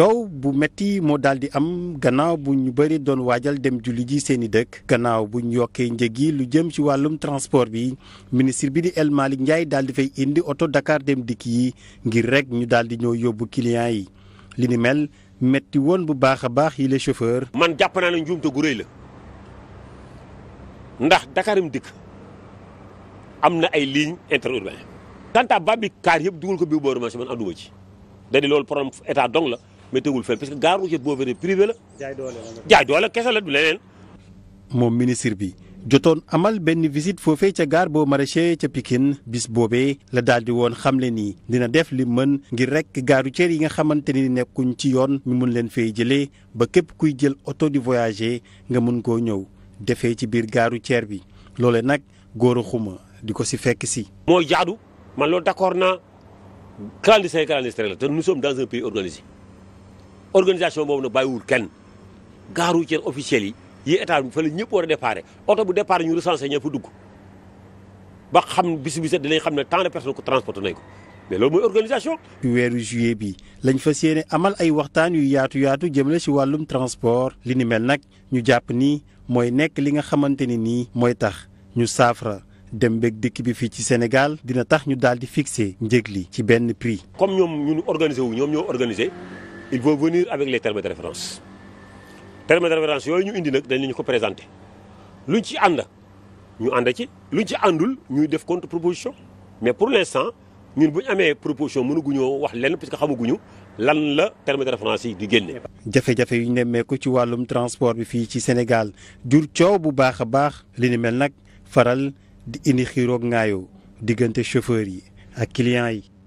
coow bu metti moo daal di am gannaaw bu ñu bari doon waajal dem julli ji seeni dëkk gannaaw bu ñu yokkee njëg yi lu jëm ci wàllum transport bi ministre bi di El Malick Ndiaye daal di fay indi oto Dakar dem dikk yi ngir rek ñu daal di ñoo yóbbu kiliyen yi li ni mel metti woon bu baax a baax yi les chauffeurs. man jàpp naa ne njuumte gu rëy la ndax mu dikk am na ay lignes interurbaines. quant à Babi Car yëpp dugal ko biir booru marché man ànduma ci. da di la mais tegul fenn parce que gare routière boo veree privé la. jaay doole la jaay doole kese la du leneen. moom ministre bi jotoon amal benn visite foofee ca gare boo maraîcher ca Pikine bis boobee la daal di woon xamle ni dina def li mën ngir rek gare routière yi nga xamante ni nekkuñ ci yoon ñu mun leen fay jëlee ba képp kuy jël oto di voyager nga mun koo ñëw defee ci biir gaaru routière bi loole nag góoraxuma di ko si fekk si. mooy jaadu man loolu d'accord naa clandestin clandestin la te nous sommes dans un organisation boobu nag bàyyiwul kenn gaaru routière officielle yi yi état bi fa la ñëpp war a départ oto bu départ ñu recensé ña fa dugg ba xam bis bu set xam ne tant de personnes ko transporté nañ ko mais loolu mooy organisation. weeru juillet bi lañ fa yéene amal ay waxtaan yu yaatu yaatu jëmale si wàllum transport li ni mel nag ñu jàpp nii mooy nekk li nga xamante ni nii mooy tax ñu saafara. dem beeg dikk bi fii ci Sénégal dina tax ñu daal di fixer njëg li ci benn prix. comme ñoom ñun wu ñoom ñoo organiser il faut venir avec les termes de référence termes de référence yooyu ñu indi nag dañ ñu ko présenté luñ ci ànd ñu ànd ci luñ ci àndul ñuy def contre proposition mais pour les l'instant ñun bu ñu amee proposition mënaguñoo wax lenn parce que xamaguñu lan la terme de référence yi di génne. jafe-jafe yu ñu nemmeeku ci wàllum transport bi fii ci Sénégal jur coow bu baax a baax li ni mel nag faral di indi xiiroog ngaayo diggante chauffeur yi ak clients yi.